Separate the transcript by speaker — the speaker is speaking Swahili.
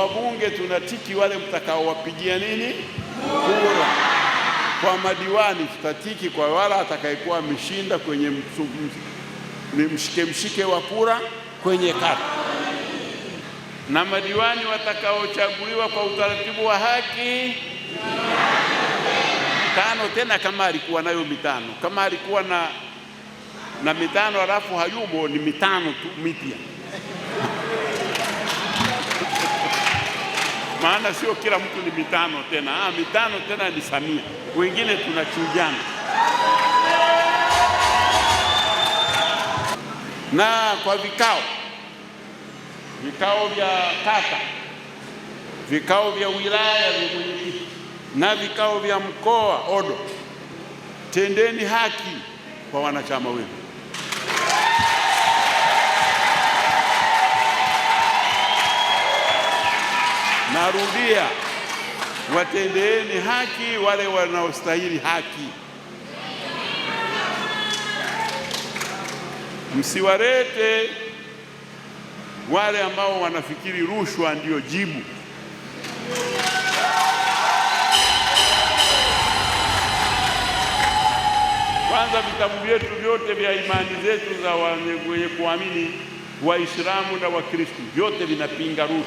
Speaker 1: wabunge tunatiki wale mtakaowapigia nini kura, kwa madiwani tutatiki kwa wala atakayekuwa ameshinda kwenye ni mshike mshike wa kura kwenye kata, na madiwani watakaochaguliwa kwa utaratibu wa haki tano tena, kama alikuwa nayo mitano, kama alikuwa na na mitano halafu hayumo, ni mitano tu mipya. maana sio kila mtu ni mitano tena. Ah, mitano tena ni Samia, wengine tunachujana. Na kwa vikao, vikao vya kata, vikao vya wilaya vya mwenyekiti na vikao vya mkoa ODO, tendeni haki kwa wanachama wenu. Narudia, watendeeni haki wale wanaostahili haki, msiwarete wale ambao wanafikiri rushwa ndio jibu. Kwanza, vitabu vyetu vyote vya imani zetu za wenye kuamini Waislamu na Wakristo vyote vinapinga rushwa.